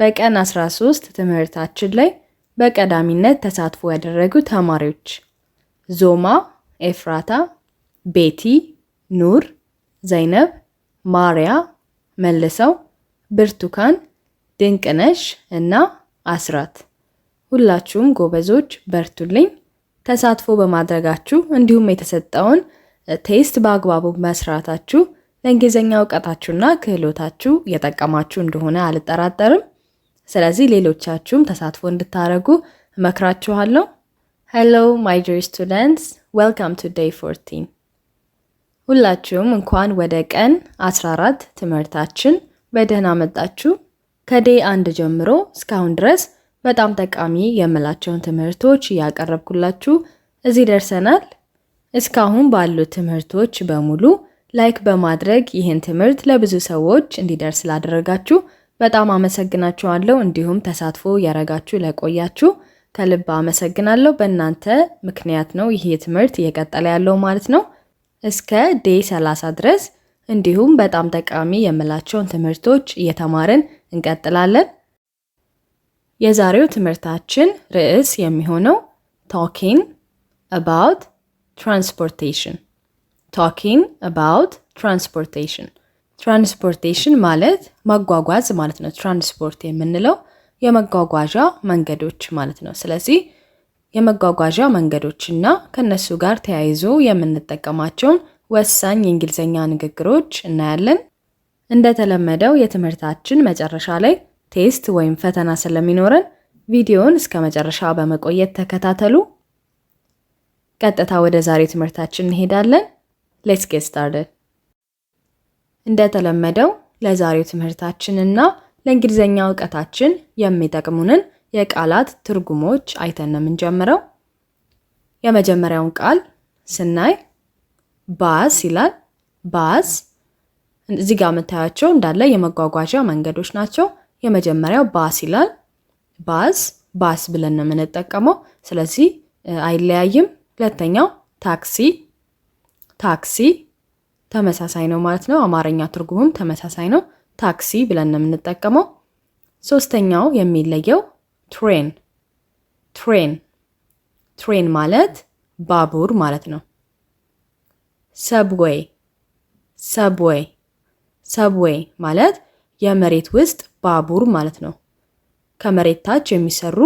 በቀን 13 ትምህርታችን ላይ በቀዳሚነት ተሳትፎ ያደረጉ ተማሪዎች ዞማ፣ ኤፍራታ፣ ቤቲ፣ ኑር፣ ዘይነብ፣ ማሪያ፣ መልሰው፣ ብርቱካን፣ ድንቅነሽ እና አስራት ሁላችሁም ጎበዞች በርቱልኝ። ተሳትፎ በማድረጋችሁ እንዲሁም የተሰጠውን ቴስት በአግባቡ መስራታችሁ ለእንግሊዝኛ እውቀታችሁና ክህሎታችሁ እየጠቀማችሁ እንደሆነ አልጠራጠርም። ስለዚህ ሌሎቻችሁም ተሳትፎ እንድታደርጉ እመክራችኋለሁ። ሄሎ ማይ ጆይ ስቱደንትስ ዌልካም ቱ ዴይ ፎርቲን። ሁላችሁም እንኳን ወደ ቀን 14 ትምህርታችን በደህና መጣችሁ። ከዴይ አንድ ጀምሮ እስካሁን ድረስ በጣም ጠቃሚ የምላቸውን ትምህርቶች እያቀረብኩላችሁ እዚህ ደርሰናል። እስካሁን ባሉት ትምህርቶች በሙሉ ላይክ በማድረግ ይህን ትምህርት ለብዙ ሰዎች እንዲደርስ ላደረጋችሁ በጣም አመሰግናችኋለሁ። እንዲሁም ተሳትፎ ያረጋችሁ ለቆያችሁ ከልብ አመሰግናለሁ። በእናንተ ምክንያት ነው ይሄ ትምህርት እየቀጠለ ያለው ማለት ነው እስከ ዴይ 30 ድረስ እንዲሁም በጣም ጠቃሚ የምላቸውን ትምህርቶች እየተማርን እንቀጥላለን። የዛሬው ትምህርታችን ርዕስ የሚሆነው ታልኪንግ አባውት ትራንስፖርቴሽን ታልኪንግ አባውት ትራንስፖርቴሽን ትራንስፖርቴሽን ማለት ማጓጓዝ ማለት ነው። ትራንስፖርት የምንለው የመጓጓዣ መንገዶች ማለት ነው። ስለዚህ የመጓጓዣ መንገዶችና ከነሱ ጋር ተያይዞ የምንጠቀማቸውን ወሳኝ የእንግሊዝኛ ንግግሮች እናያለን። እንደተለመደው የትምህርታችን መጨረሻ ላይ ቴስት ወይም ፈተና ስለሚኖረን ቪዲዮውን እስከ መጨረሻ በመቆየት ተከታተሉ። ቀጥታ ወደ ዛሬ ትምህርታችን እንሄዳለን። ሌትስ ጌት ስታርትድ እንደተለመደው ለዛሬው ትምህርታችንና ለእንግሊዝኛ እውቀታችን የሚጠቅሙንን የቃላት ትርጉሞች አይተን ነው የምንጀምረው። የመጀመሪያውን ቃል ስናይ ባስ ይላል። ባስ እዚህ ጋር የምታያቸው እንዳለ የመጓጓዣ መንገዶች ናቸው። የመጀመሪያው ባስ ይላል። ባስ ባስ ብለን ነው የምንጠቀመው፣ ስለዚህ አይለያይም። ሁለተኛው ታክሲ ታክሲ ተመሳሳይ ነው ማለት ነው። አማርኛ ትርጉሙም ተመሳሳይ ነው። ታክሲ ብለን ነው የምንጠቀመው። ሶስተኛው የሚለየው ትሬን ትሬን ትሬን ማለት ባቡር ማለት ነው። ሰብዌይ ሰብዌይ ሰብዌይ ማለት የመሬት ውስጥ ባቡር ማለት ነው። ከመሬት ታች የሚሰሩ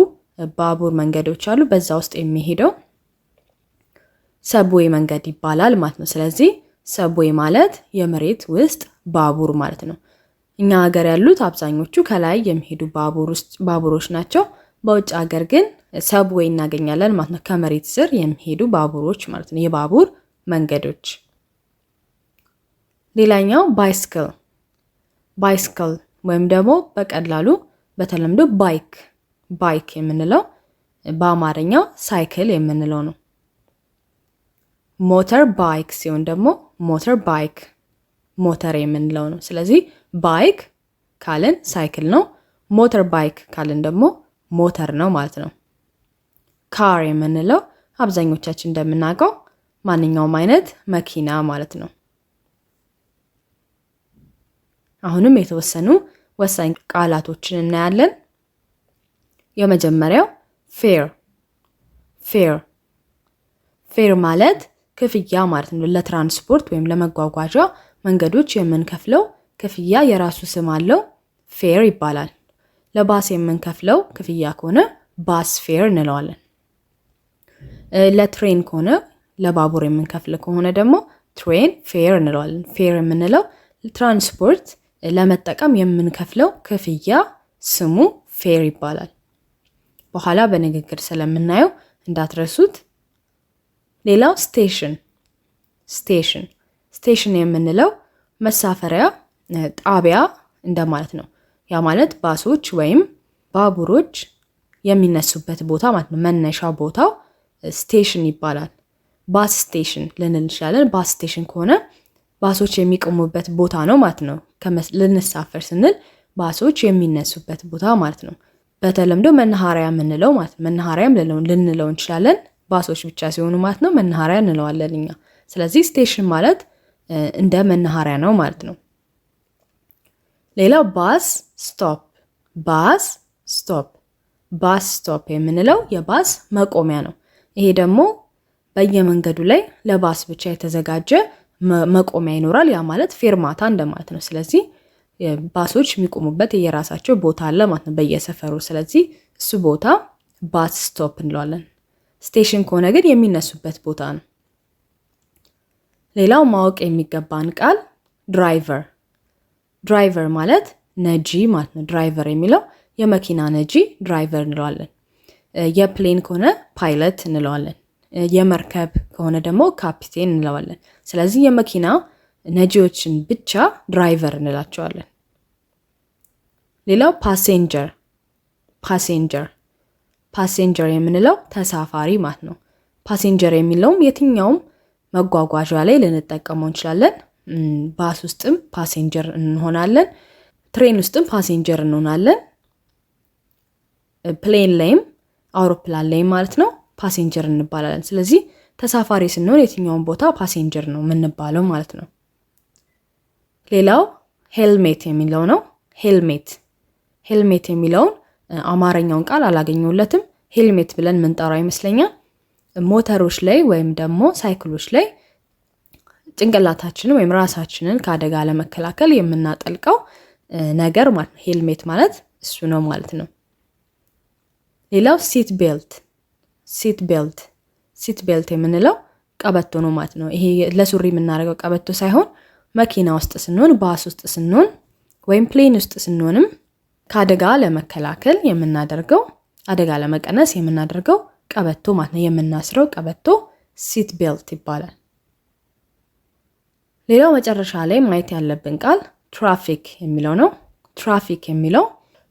ባቡር መንገዶች አሉ። በዛ ውስጥ የሚሄደው ሰብዌይ መንገድ ይባላል ማለት ነው። ስለዚህ ሰብዌይ ማለት የመሬት ውስጥ ባቡር ማለት ነው። እኛ ሀገር ያሉት አብዛኞቹ ከላይ የሚሄዱ ባቡሮች ናቸው። በውጭ ሀገር ግን ሰብዌይ እናገኛለን ማለት ነው። ከመሬት ስር የሚሄዱ ባቡሮች ማለት ነው። የባቡር መንገዶች። ሌላኛው ባይስክል ባይስክል ወይም ደግሞ በቀላሉ በተለምዶ ባይክ ባይክ የምንለው በአማርኛው ሳይክል የምንለው ነው። ሞተር ባይክ ሲሆን ደግሞ ሞተር ባይክ ሞተር የምንለው ነው። ስለዚህ ባይክ ካልን ሳይክል ነው። ሞተር ባይክ ካልን ደግሞ ሞተር ነው ማለት ነው። ካር የምንለው አብዛኞቻችን እንደምናውቀው ማንኛውም አይነት መኪና ማለት ነው። አሁንም የተወሰኑ ወሳኝ ቃላቶችን እናያለን። የመጀመሪያው ፌር ፌር ፌር ማለት ክፍያ ማለት ነው። ለትራንስፖርት ወይም ለመጓጓዣ መንገዶች የምንከፍለው ክፍያ የራሱ ስም አለው፣ ፌር ይባላል። ለባስ የምንከፍለው ክፍያ ከሆነ ባስ ፌር እንለዋለን። ለትሬን ከሆነ ለባቡር የምንከፍል ከሆነ ደግሞ ትሬን ፌር እንለዋለን። ፌር የምንለው ትራንስፖርት ለመጠቀም የምንከፍለው ክፍያ ስሙ ፌር ይባላል። በኋላ በንግግር ስለምናየው እንዳትረሱት። ሌላው ስቴሽን ስቴሽን ስቴሽን የምንለው መሳፈሪያ ጣቢያ እንደማለት ነው። ያ ማለት ባሶች ወይም ባቡሮች የሚነሱበት ቦታ ማለት ነው። መነሻ ቦታው ስቴሽን ይባላል። ባስ ስቴሽን ልንል እንችላለን። ባስ ስቴሽን ከሆነ ባሶች የሚቆሙበት ቦታ ነው ማለት ነው። ልንሳፈር ስንል ባሶች የሚነሱበት ቦታ ማለት ነው። በተለምዶ መናኸሪያ የምንለው ማለት ነው። መናኸሪያም ልንለው እንችላለን። ባሶች ብቻ ሲሆኑ ማለት ነው መናኸሪያ እንለዋለን እኛ። ስለዚህ ስቴሽን ማለት እንደ መናኸሪያ ነው ማለት ነው። ሌላው ባስ ስቶፕ፣ ባስ ስቶፕ፣ ባስ ስቶፕ የምንለው የባስ መቆሚያ ነው። ይሄ ደግሞ በየመንገዱ ላይ ለባስ ብቻ የተዘጋጀ መቆሚያ ይኖራል። ያ ማለት ፌርማታ እንደማለት ነው። ስለዚህ ባሶች የሚቆሙበት የራሳቸው ቦታ አለ ማለት ነው በየሰፈሩ። ስለዚህ እሱ ቦታ ባስ ስቶፕ እንለዋለን። ስቴሽን ከሆነ ግን የሚነሱበት ቦታ ነው። ሌላው ማወቅ የሚገባን ቃል ድራይቨር። ድራይቨር ማለት ነጂ ማለት ነው። ድራይቨር የሚለው የመኪና ነጂ ድራይቨር እንለዋለን። የፕሌን ከሆነ ፓይለት እንለዋለን። የመርከብ ከሆነ ደግሞ ካፒቴን እንለዋለን። ስለዚህ የመኪና ነጂዎችን ብቻ ድራይቨር እንላቸዋለን። ሌላው ፓሴንጀር ፓሴንጀር ፓሴንጀር የምንለው ተሳፋሪ ማለት ነው። ፓሴንጀር የሚለውም የትኛውም መጓጓዣ ላይ ልንጠቀመው እንችላለን። ባስ ውስጥም ፓሴንጀር እንሆናለን። ትሬን ውስጥም ፓሴንጀር እንሆናለን። ፕሌን ላይም አውሮፕላን ላይም ማለት ነው ፓሴንጀር እንባላለን። ስለዚህ ተሳፋሪ ስንሆን የትኛውን ቦታ ፓሴንጀር ነው የምንባለው ማለት ነው። ሌላው ሄልሜት የሚለው ነው። ሄልሜት ሄልሜት የሚለውን አማርኛውን ቃል አላገኘሁለትም። ሄልሜት ብለን ምንጠራው ይመስለኛል። ሞተሮች ላይ ወይም ደግሞ ሳይክሎች ላይ ጭንቅላታችንን ወይም ራሳችንን ከአደጋ ለመከላከል የምናጠልቀው ነገር ማለት ነው። ሄልሜት ማለት እሱ ነው ማለት ነው። ሌላው ሲት ቤልት፣ ሲት ቤልት፣ ሲት ቤልት የምንለው ቀበቶ ነው ማለት ነው። ይሄ ለሱሪ የምናደርገው ቀበቶ ሳይሆን መኪና ውስጥ ስንሆን፣ ባስ ውስጥ ስንሆን፣ ወይም ፕሌን ውስጥ ስንሆንም ከአደጋ ለመከላከል የምናደርገው አደጋ ለመቀነስ የምናደርገው ቀበቶ ማለት ነው። የምናስረው ቀበቶ ሲት ቤልት ይባላል። ሌላው መጨረሻ ላይ ማየት ያለብን ቃል ትራፊክ የሚለው ነው። ትራፊክ የሚለው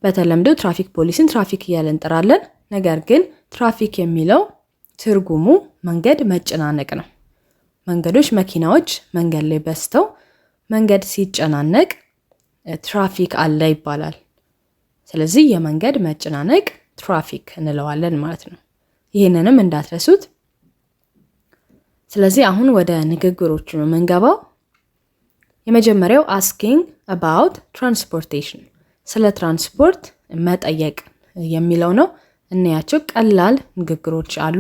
በተለምዶ ትራፊክ ፖሊስን ትራፊክ እያለ እንጠራለን። ነገር ግን ትራፊክ የሚለው ትርጉሙ መንገድ መጨናነቅ ነው። መንገዶች፣ መኪናዎች መንገድ ላይ በዝተው መንገድ ሲጨናነቅ ትራፊክ አለ ይባላል። ስለዚህ የመንገድ መጨናነቅ ትራፊክ እንለዋለን ማለት ነው። ይህንንም እንዳትረሱት። ስለዚህ አሁን ወደ ንግግሮቹ ነው የምንገባው። የመጀመሪያው አስኪንግ አባውት ትራንስፖርቴሽን ስለ ትራንስፖርት መጠየቅ የሚለው ነው። እናያቸው ቀላል ንግግሮች አሉ።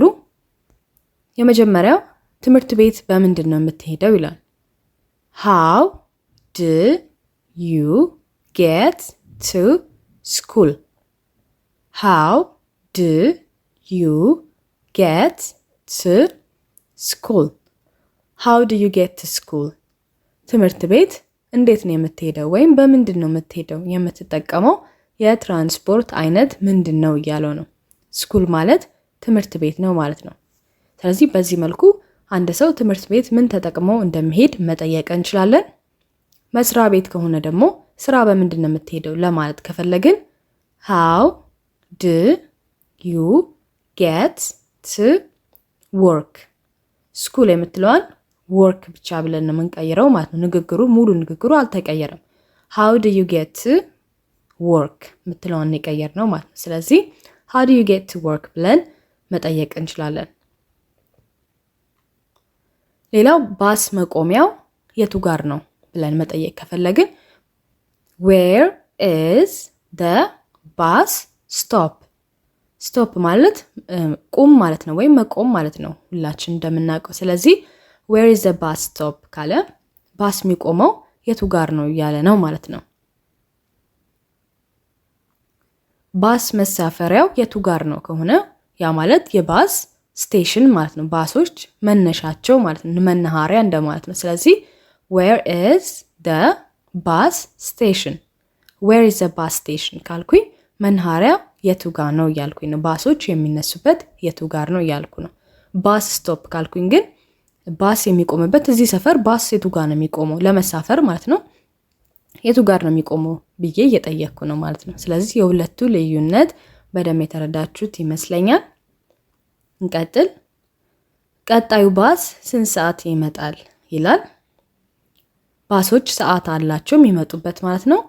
የመጀመሪያው ትምህርት ቤት በምንድን ነው የምትሄደው ይላል። ሃው ድ ዩ ጌት ቱ ስኩል ሃው do you get to school? How do you get to school? ትምህርት ቤት እንዴት ነው የምትሄደው ወይም በምንድን ነው የምትሄደው? የምትጠቀመው የትራንስፖርት አይነት ምንድን ነው እያለው ነው። ስኩል ማለት ትምህርት ቤት ነው ማለት ነው። ስለዚህ በዚህ መልኩ አንድ ሰው ትምህርት ቤት ምን ተጠቅሞ እንደሚሄድ መጠየቅ እንችላለን። መስሪያ ቤት ከሆነ ደግሞ ስራ በምንድን ነው የምትሄደው ለማለት ከፈለግን ሃው ድ ዩ ጌት ት ወርክ ስኩል የምትለዋን ወርክ ብቻ ብለን ነው የምንቀይረው ማለት ነው። ንግግሩ ሙሉ ንግግሩ አልተቀየረም። ሃው ድ ዩ ጌት ወርክ የምትለዋን የቀየር ነው ማለት ነው። ስለዚህ ሃው ድ ዩ ጌት ወርክ ብለን መጠየቅ እንችላለን። ሌላው ባስ መቆሚያው የቱ ጋር ነው ብለን መጠየቅ ከፈለግን ዌር ኢዝ ደ ባስ ስቶፕ? ስቶፕ ማለት ቁም ማለት ነው፣ ወይም መቆም ማለት ነው ሁላችን እንደምናውቀው። ስለዚህ ዌር ኢዝ ደ ባስ ስቶፕ ካለ ባስ የሚቆመው የቱ ጋር ነው እያለ ነው ማለት ነው። ባስ መሳፈሪያው የቱ ጋር ነው ከሆነ ያ ማለት የባስ ስቴሽን ማለት ነው። ባሶች መነሻቸው ማለት ነው፣ መናኸሪያ እንደማለት ነው። ስለዚህ ዌር ኢዝ ደ ባስ ስቴሽን ዌር ኢዝ ባስ ስቴሽን ካልኩኝ መናኸሪያ የቱ ጋር ነው እያልኩኝ ነው። ባሶች የሚነሱበት የቱ ጋር ነው እያልኩ ነው። ባስ ስቶፕ ካልኩኝ ግን ባስ የሚቆምበት እዚህ ሰፈር ባስ የቱ ጋር ነው የሚቆመው ለመሳፈር ማለት ነው። የቱ ጋር ነው የሚቆመው ብዬ እየጠየቅኩ ነው ማለት ነው። ስለዚህ የሁለቱ ልዩነት በደንብ የተረዳችሁት ይመስለኛል። እንቀጥል። ቀጣዩ ባስ ስንት ሰዓት ይመጣል ይላል። ባሶች ሰዓት አላቸው የሚመጡበት ማለት ነው።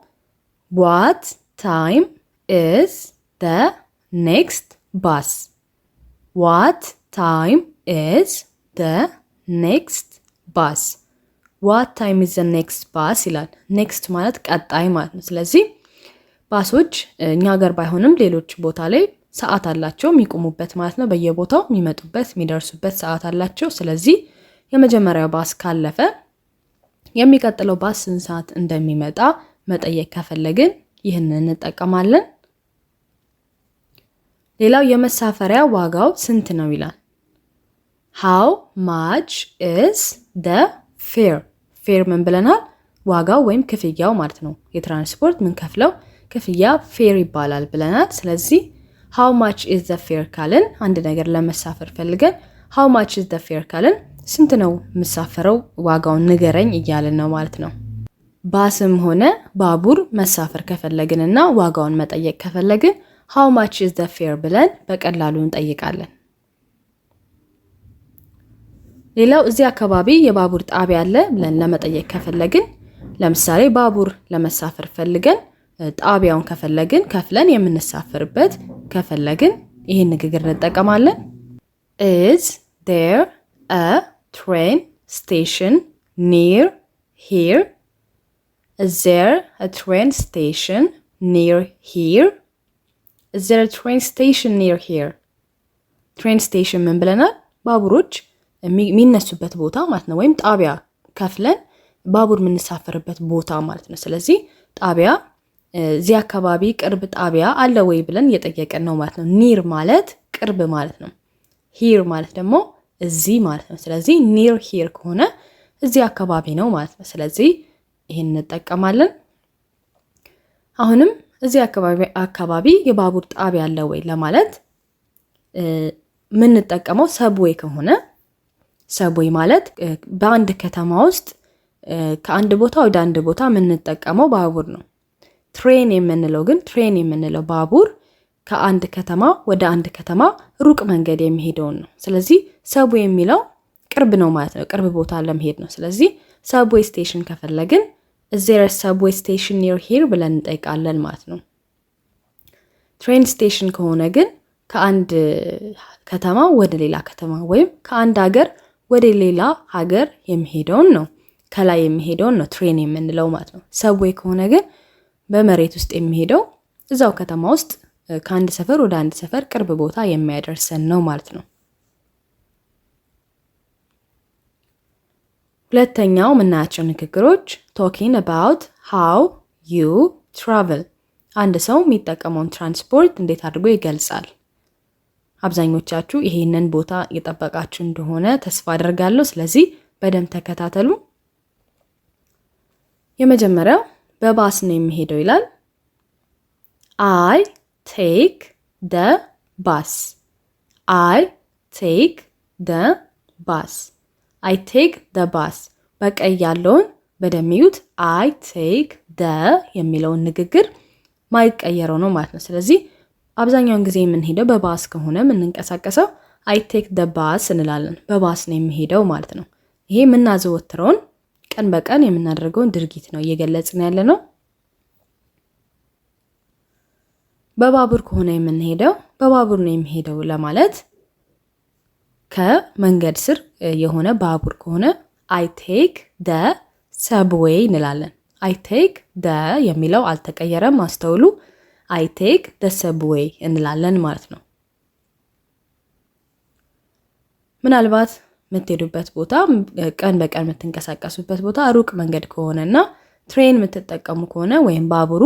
ዋት ታይም ኢዝ ደ ኔክስት ባስ? ዋት ታይም ኢዝ ደ ኔክስት ባስ? ዋት ታይም ኢዝ ደ ኔክስት ባስ ይላል። ኔክስት ማለት ቀጣይ ማለት ነው። ስለዚህ ባሶች እኛ ሀገር ባይሆንም ሌሎች ቦታ ላይ ሰዓት አላቸው የሚቆሙበት ማለት ነው። በየቦታው የሚመጡበት የሚደርሱበት ሰዓት አላቸው። ስለዚህ የመጀመሪያው ባስ ካለፈ የሚቀጥለው ባስ ስንት ሰዓት እንደሚመጣ መጠየቅ ከፈለግን ይህንን እንጠቀማለን። ሌላው የመሳፈሪያ ዋጋው ስንት ነው ይላል። ሃው ማች ኢዝ ደ ፌር። ፌር ምን ብለናል? ዋጋው ወይም ክፍያው ማለት ነው። የትራንስፖርት ከፍለው ክፍያ ፌር ይባላል ብለናል። ስለዚህ ሃው ማች ኢዝ ደ ፌር ካልን አንድ ነገር ለመሳፈር ፈልገን ሃው ማች ኢዝ ደ ፌር ካልን ስንት ነው የምሳፈረው? ዋጋውን ንገረኝ እያልን ነው ማለት ነው። ባስም ሆነ ባቡር መሳፈር ከፈለግን እና ዋጋውን መጠየቅ ከፈለግን ሃው ማች ኢዝ ዘ ፌር ብለን በቀላሉ እንጠይቃለን። ሌላው እዚህ አካባቢ የባቡር ጣቢያ አለ ብለን ለመጠየቅ ከፈለግን ለምሳሌ ባቡር ለመሳፈር ፈልገን ጣቢያውን ከፈለግን ከፍለን የምንሳፍርበት ከፈለግን ይህን ንግግር እንጠቀማለን። ኢዝ ዴር አ train station near here? Is there a train station near here? Is there a train station near here? ትሬን ስቴሽን ምን ብለናል? ባቡሮች የሚነሱበት ቦታ ማለት ነው። ወይም ጣቢያ ከፍለን ባቡር የምንሳፈርበት ቦታ ማለት ነው። ስለዚህ ጣቢያ እዚህ አካባቢ ቅርብ ጣቢያ አለ ወይ ብለን እየጠየቀን ነው ማለት ነው። ኒር ማለት ቅርብ ማለት ነው። ሂር ማለት ደግሞ እዚህ ማለት ነው። ስለዚህ ኒር ሂር ከሆነ እዚህ አካባቢ ነው ማለት ነው። ስለዚህ ይህን እንጠቀማለን። አሁንም እዚህ አካባቢ የባቡር ጣቢያ አለ ወይ ለማለት የምንጠቀመው ሰብዌይ ከሆነ ሰብዌይ ማለት በአንድ ከተማ ውስጥ ከአንድ ቦታ ወደ አንድ ቦታ የምንጠቀመው ባቡር ነው። ትሬን የምንለው ግን ትሬን የምንለው ባቡር ከአንድ ከተማ ወደ አንድ ከተማ ሩቅ መንገድ የሚሄደውን ነው። ስለዚህ ሰቡ የሚለው ቅርብ ነው ማለት ነው። ቅርብ ቦታ ለመሄድ ነው። ስለዚህ ሰብዌይ ስቴሽን ከፈለግን እዚር ሰብዌይ ስቴሽን ኒር ሄር ብለን እንጠይቃለን ማለት ነው። ትሬን ስቴሽን ከሆነ ግን ከአንድ ከተማ ወደ ሌላ ከተማ ወይም ከአንድ ሀገር ወደ ሌላ ሀገር የሚሄደውን ነው። ከላይ የሚሄደውን ነው ትሬን የምንለው ማለት ነው። ሰብዌይ ከሆነ ግን በመሬት ውስጥ የሚሄደው እዛው ከተማ ውስጥ ከአንድ ሰፈር ወደ አንድ ሰፈር ቅርብ ቦታ የሚያደርሰን ነው ማለት ነው። ሁለተኛው የምናያቸው ንግግሮች ቶኪንግ አባውት ሃው ዩ ትራቨል፣ አንድ ሰው የሚጠቀመውን ትራንስፖርት እንዴት አድርጎ ይገልጻል። አብዛኞቻችሁ ይሄንን ቦታ እየጠበቃችሁ እንደሆነ ተስፋ አደርጋለሁ። ስለዚህ በደንብ ተከታተሉ። የመጀመሪያው በባስ ነው የሚሄደው ይላል። አይ ቴክ ደ ባስ አይ ቴክ ደ ባስ አይ ቴክ ደ ባስ። በቀይ ያለውን በደሚዩት አይ ቴክ ደ የሚለውን ንግግር ማይቀየረው ነው ማለት ነው። ስለዚህ አብዛኛውን ጊዜ የምንሄደው በባስ ከሆነ የምንንቀሳቀሰው አይ ቴክ ደ ባስ እንላለን። በባስ ነው የሚሄደው ማለት ነው። ይሄ የምናዘወትረውን ቀን በቀን የምናደርገውን ድርጊት ነው እየገለጽን ያለ ነው። በባቡር ከሆነ የምንሄደው በባቡር ነው የሚሄደው ለማለት ከመንገድ ስር የሆነ ባቡር ከሆነ አይ ቴክ ደ ሰብዌይ እንላለን። አይ ቴክ ደ የሚለው አልተቀየረም፣ አስተውሉ። አይ ቴክ ደ ሰብዌይ እንላለን ማለት ነው። ምናልባት የምትሄዱበት ቦታ ቀን በቀን የምትንቀሳቀሱበት ቦታ ሩቅ መንገድ ከሆነ እና ትሬን የምትጠቀሙ ከሆነ ወይም ባቡሩ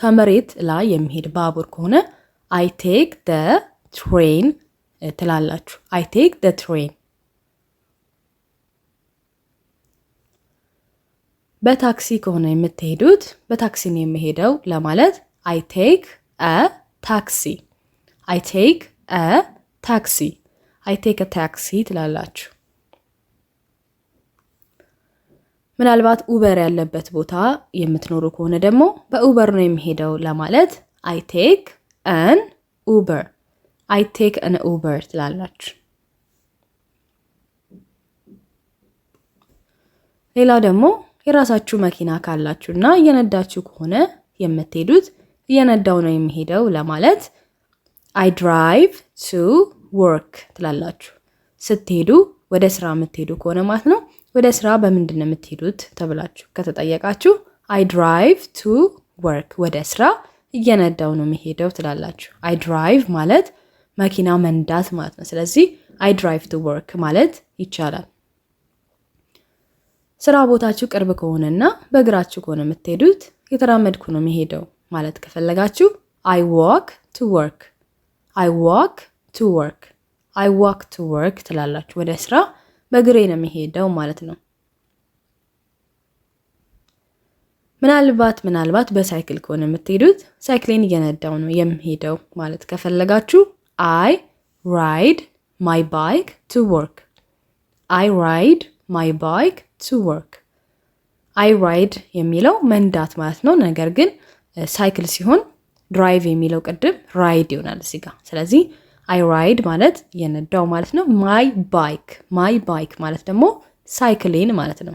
ከመሬት ላይ የሚሄድ ባቡር ከሆነ አይ ቴክ ደ ትሬን ትላላችሁ። አይ ቴክ ደ ትሬን። በታክሲ ከሆነ የምትሄዱት በታክሲ ነው የሚሄደው ለማለት አይ ቴክ አ ታክሲ፣ አይ ቴክ አ ታክሲ፣ አይ ቴክ አ ታክሲ ትላላችሁ። ምናልባት ኡበር ያለበት ቦታ የምትኖሩ ከሆነ ደግሞ በኡበር ነው የሚሄደው ለማለት አይ ቴክ አን ኡበር፣ አይ ቴክ አን ኡበር ትላላችሁ። ሌላው ደግሞ የራሳችሁ መኪና ካላችሁ እና እየነዳችሁ ከሆነ የምትሄዱት እየነዳው ነው የሚሄደው ለማለት አይ ድራይቭ ቱ ወርክ ትላላችሁ። ስትሄዱ ወደ ስራ የምትሄዱ ከሆነ ማለት ነው ወደ ስራ በምንድን ነው የምትሄዱት ተብላችሁ ከተጠየቃችሁ አይ ድራይቭ ቱ ወርክ፣ ወደ ስራ እየነዳው ነው የሚሄደው ትላላችሁ። አይ ድራይቭ ማለት መኪና መንዳት ማለት ነው። ስለዚህ አይ ድራይቭ ቱ ወርክ ማለት ይቻላል። ስራ ቦታችሁ ቅርብ ከሆነና በእግራችሁ ከሆነ የምትሄዱት የተራመድኩ ነው የሚሄደው ማለት ከፈለጋችሁ አይ ዋክ ቱ ወርክ፣ አይ ዋክ ቱ ወርክ፣ አይ ዋክ ቱ ወርክ ትላላችሁ ወደ ስራ በግሬ ነው የሚሄደው ማለት ነው። ምናልባት ምናልባት በሳይክል ከሆነ የምትሄዱት ሳይክሌን እየነዳው ነው የምሄደው ማለት ከፈለጋችሁ አይ ራይድ ማይ ባይክ ቱ ወርክ፣ አይ ራይድ ማይ ባይክ ቱ ወርክ። አይ ራይድ የሚለው መንዳት ማለት ነው። ነገር ግን ሳይክል ሲሆን ድራይቭ የሚለው ቅድም ራይድ ይሆናል እዚህ ስለዚህ አይ ራይድ ማለት የነዳው ማለት ነው። ማይ ባይክ ማይ ባይክ ማለት ደግሞ ሳይክሊን ማለት ነው።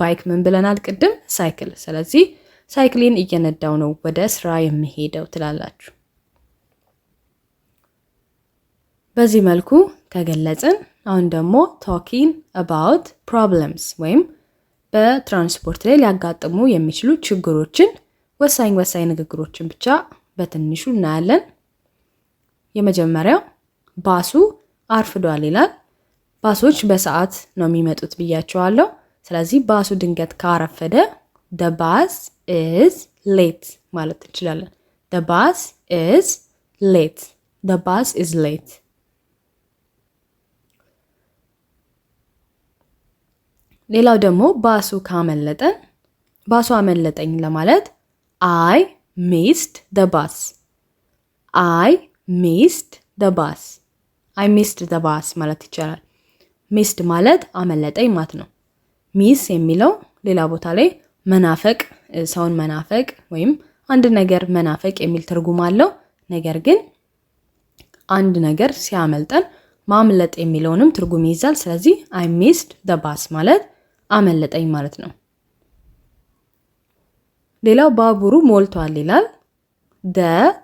ባይክ ምን ብለናል ቅድም? ሳይክል። ስለዚህ ሳይክሊን እየነዳው ነው ወደ ስራ የምሄደው ትላላችሁ። በዚህ መልኩ ከገለጽን አሁን ደግሞ ቶኪን አባውት ፕሮብለምስ ወይም በትራንስፖርት ላይ ሊያጋጥሙ የሚችሉ ችግሮችን ወሳኝ ወሳኝ ንግግሮችን ብቻ በትንሹ እናያለን። የመጀመሪያው ባሱ አርፍዷል ይላል። ባሶች በሰዓት ነው የሚመጡት ብያቸዋለሁ። ስለዚህ ባሱ ድንገት ካረፈደ ደ ባስ ኢዝ ሌት ማለት እንችላለን። ደ ባስ ኢዝ ሌት፣ ደ ባስ ኢዝ ሌት። ሌላው ደግሞ ባሱ ካመለጠን ባሱ አመለጠኝ ለማለት አይ ሚስድ ደ ባስ አይ ሚስድ ደባስ አይ ሚስድ ደባስ ማለት ይቻላል። ሚስድ ማለት አመለጠኝ ማለት ነው። ሚስ የሚለው ሌላ ቦታ ላይ መናፈቅ፣ ሰውን መናፈቅ ወይም አንድ ነገር መናፈቅ የሚል ትርጉም አለው። ነገር ግን አንድ ነገር ሲያመልጠን ማምለጥ የሚለውንም ትርጉም ይይዛል። ስለዚህ አይ ሚስድ ባስ ማለት አመለጠኝ ማለት ነው። ሌላው ባቡሩ ሞልቷል ይላል። ደ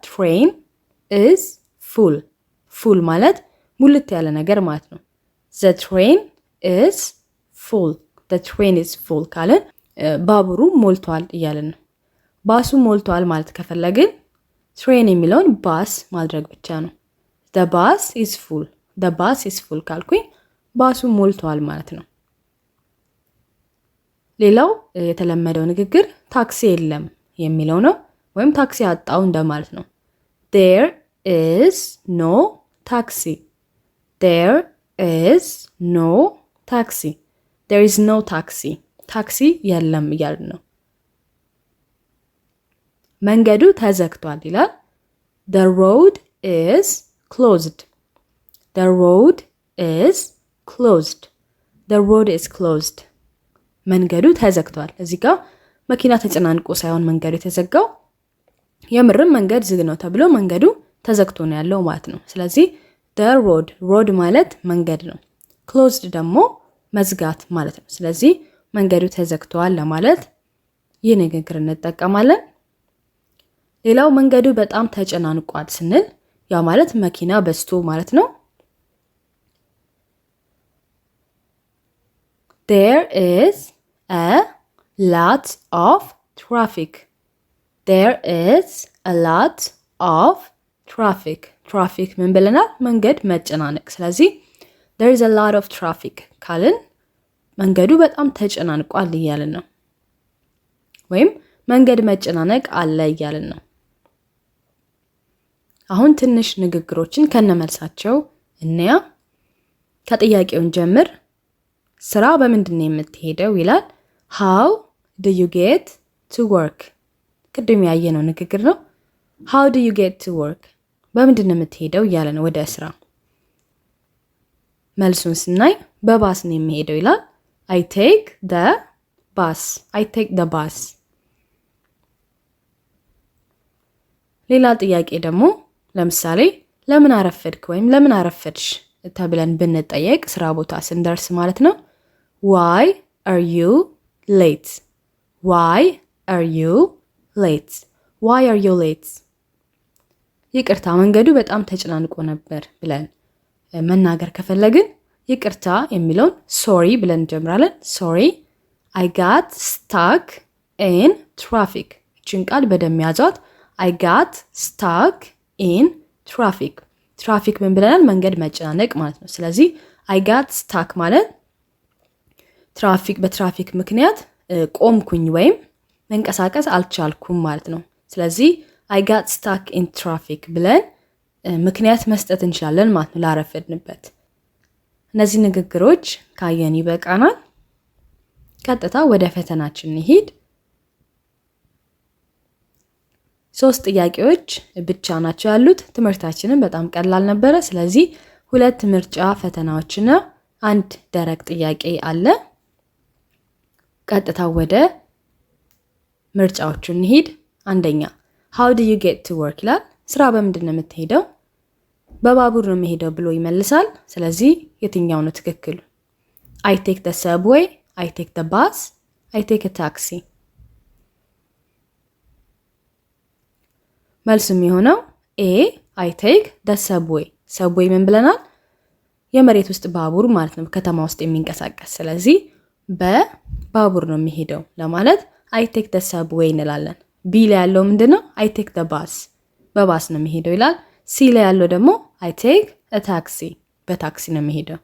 ትሬን ኢዝ ፉል። ፉል ማለት ሙልት ያለ ነገር ማለት ነው። ዘ ትሬን ኢዝ ፉል። ዘ ትሬን ኢዝ ፉል ካልን ባቡሩ ሞልቷል እያለን ነው። ባሱ ሞልቷል ማለት ከፈለግን ትሬን የሚለውን ባስ ማድረግ ብቻ ነው። ዘ ባስ ኢዝ ፉል። ዘ ባስ ኢዝ ፉል ካልኩኝ ባሱ ሞልቷል ማለት ነው። ሌላው የተለመደው ንግግር ታክሲ የለም የሚለው ነው፣ ወይም ታክሲ አጣው እንደማለት ነው። ዜር is no ታክሲ ዴር ኢዝ ኖ ታክሲ ዴር ኢዝ ኖ ታክሲ ታክሲ የለም እያልን ነው። መንገዱ ተዘግቷል ይላል። ደ ሮድ ኢዝ ክሎዝድ ደ ሮድ ኢዝ ክሎዝድ ደ ሮድ ኢዝ ክሎዝድ መንገዱ ተዘግቷል። እዚህ ጋር መኪና ተጨናንቆ ሳይሆን መንገዱ የተዘጋው የምርም መንገድ ዝግ ነው ተብሎ መንገዱ ተዘግቶ ነው ያለው ማለት ነው። ስለዚህ ሮድ ሮድ ማለት መንገድ ነው። ክሎዝድ ደግሞ መዝጋት ማለት ነው። ስለዚህ መንገዱ ተዘግተዋል ለማለት ይህ ንግግር እንጠቀማለን። ሌላው መንገዱ በጣም ተጨናንቋል ስንል ያ ማለት መኪና በዝቶ ማለት ነው። there is a lot of traffic there is a ትራፊክ ትራፊክ ምን ብለናል? መንገድ መጨናነቅ። ስለዚህ there is a lot of traffic ካልን መንገዱ በጣም ተጨናንቋል እያልን ነው፣ ወይም መንገድ መጨናነቅ አለ እያልን ነው። አሁን ትንሽ ንግግሮችን ከነመልሳቸው እንያ። ከጥያቄውን ጀምር። ስራ በምንድን ነው የምትሄደው ይላል። how do you get to work? ቅድም ያየነው ንግግር ነው። how do you get to work? በምንድን ነው የምትሄደው እያለ ነው ወደ ስራ። መልሱን ስናይ በባስ ነው የሚሄደው ይላል። አይ ቴክ ደ ባስ፣ አይ ቴክ ደ ባስ። ሌላ ጥያቄ ደግሞ ለምሳሌ ለምን አረፈድክ ወይም ለምን አረፈድሽ ተብለን ብንጠየቅ ስራ ቦታ ስንደርስ ማለት ነው። ዋይ አር ዩ ሌት፣ ዋይ አር ዩ ሌት፣ ዋይ አር ዩ ሌት ይቅርታ መንገዱ በጣም ተጨናንቆ ነበር ብለን መናገር ከፈለግን ይቅርታ የሚለውን ሶሪ ብለን እንጀምራለን። ሶሪ አይ ጋት ስታክ ኢን ትራፊክ። እችን ቃል በደም ያዟት። አይ ጋት ስታክ ኢን ትራፊክ። ትራፊክ ምን ብለናል? መንገድ መጨናነቅ ማለት ነው። ስለዚህ አይ ጋት ስታክ ማለት ትራፊክ በትራፊክ ምክንያት ቆምኩኝ ወይም መንቀሳቀስ አልቻልኩም ማለት ነው። ስለዚህ አይ ጋት ስታክ ኢን ትራፊክ ብለን ምክንያት መስጠት እንችላለን ማለት ነው ላረፈድንበት። እነዚህ ንግግሮች ካየን ይበቃናል። ቀጥታ ወደ ፈተናችን እንሂድ። ሶስት ጥያቄዎች ብቻ ናቸው ያሉት። ትምህርታችንን በጣም ቀላል ነበረ። ስለዚህ ሁለት ምርጫ ፈተናዎችና አንድ ደረቅ ጥያቄ አለ። ቀጥታ ወደ ምርጫዎቹ እንሂድ። አንደኛ ሃው ዱ ዩ ጌት ቱ ወርክ ይላል። ስራ በምንድን ነው የምትሄደው? በባቡር ነው የምሄደው ብሎ ይመልሳል። ስለዚህ የትኛው ነው ትክክሉ? አይ ቴክ ደ ሰብዌይ፣ አይ ቴክ ደ ባስ፣ አይ ቴክ ታክሲ። መልሱም የሆነው ኤ አይ ቴክ ደ ሰብዌይ። ሰብዌይ ምን ብለናል? የመሬት ውስጥ ባቡር ማለት ነው፣ ከተማ ውስጥ የሚንቀሳቀስ። ስለዚህ በባቡር ነው የሚሄደው ለማለት አይ ቴክ ደ ሰብዌይ እንላለን። ቢ ላይ ያለው ምንድን ነው? አይ ባስ በባስ ነው የሚሄደው ይላል። ሲ ላይ ያለው ደግሞ አይቴክ ታክሲ በታክሲ ነው የሚሄደው።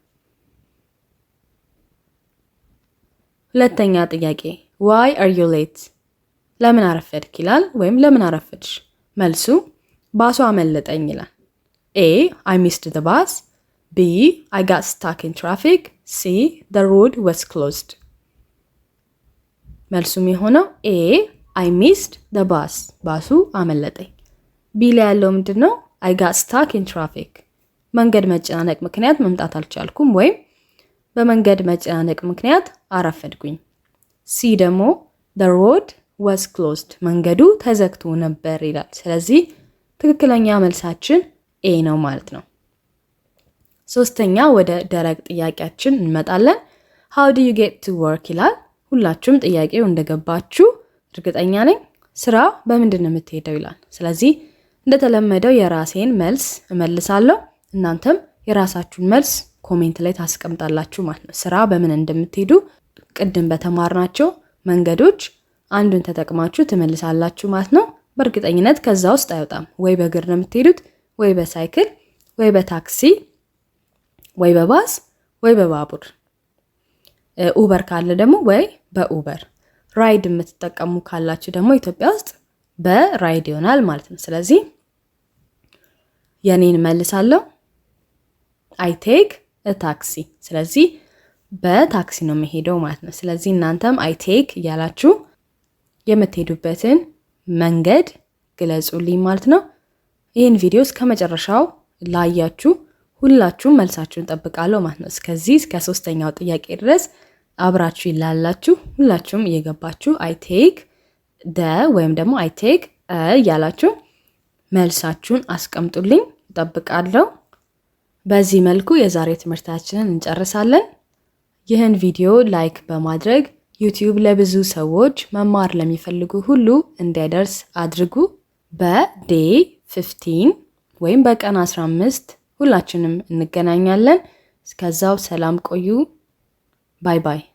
ሁለተኛ ጥያቄ ዋይ አር ዩ ሌት ለምን አረፈድክ ይላል፣ ወይም ለምን አረፈድሽ። መልሱ ባሱ አመለጠኝ ይላል። ኤ አይ ሚስድ ደ ባስ፣ ቢ አይ ጋት ስታክ ኢን ትራፊክ፣ ሲ ደ ሮድ ወስ ክሎዝድ። መልሱም የሆነው ኤ አይ ሚስድ ደ ባስ ባሱ አመለጠኝ። ቢ ያለው ምንድን ነው? አይ ጋት ስታክ ኢን ትራፊክ መንገድ መጨናነቅ ምክንያት መምጣት አልቻልኩም፣ ወይም በመንገድ መጨናነቅ ምክንያት አረፈድኩኝ። ሲ ደግሞ ደ ሮድ ወዝ ክሎዝድ መንገዱ ተዘግቶ ነበር ይላል። ስለዚህ ትክክለኛ መልሳችን ኤ ነው ማለት ነው። ሶስተኛ ወደ ደረቅ ጥያቄያችን እንመጣለን። ሃው ዱ ዩ ጌት ቱ ወርክ ይላል። ሁላችሁም ጥያቄው እንደገባችሁ እርግጠኛ ነኝ ስራ በምንድን ነው የምትሄደው ይላል። ስለዚህ እንደተለመደው የራሴን መልስ እመልሳለሁ። እናንተም የራሳችሁን መልስ ኮሜንት ላይ ታስቀምጣላችሁ ማለት ነው። ስራ በምን እንደምትሄዱ ቅድም በተማርናቸው መንገዶች አንዱን ተጠቅማችሁ ትመልሳላችሁ ማለት ነው። በእርግጠኝነት ከዛ ውስጥ አይወጣም። ወይ በእግር ነው የምትሄዱት፣ ወይ በሳይክል፣ ወይ በታክሲ፣ ወይ በባስ፣ ወይ በባቡር። ኡበር ካለ ደግሞ ወይ በኡበር ራይድ የምትጠቀሙ ካላችሁ ደግሞ ኢትዮጵያ ውስጥ በራይድ ይሆናል ማለት ነው። ስለዚህ የኔን መልሳለሁ አይ ቴክ ታክሲ። ስለዚህ በታክሲ ነው የሚሄደው ማለት ነው። ስለዚህ እናንተም አይ ቴክ እያላችሁ የምትሄዱበትን መንገድ ግለጹልኝ ማለት ነው። ይህን ቪዲዮ እስከ መጨረሻው ላያችሁ ሁላችሁም መልሳችሁን ጠብቃለሁ ማለት ነው። እስከዚህ እስከ ሶስተኛው ጥያቄ ድረስ አብራችሁ ይላላችሁ ሁላችሁም እየገባችሁ አይቴክ ደ ወይም ደግሞ አይቴክ እያላችሁ መልሳችሁን አስቀምጡልኝ። እጠብቃለሁ። በዚህ መልኩ የዛሬ ትምህርታችንን እንጨርሳለን። ይህን ቪዲዮ ላይክ በማድረግ ዩቲዩብ ለብዙ ሰዎች መማር ለሚፈልጉ ሁሉ እንዲያደርስ አድርጉ። በዴይ 15 ወይም በቀን 15 ሁላችንም እንገናኛለን። እስከዛው ሰላም ቆዩ። ባይ ባይ።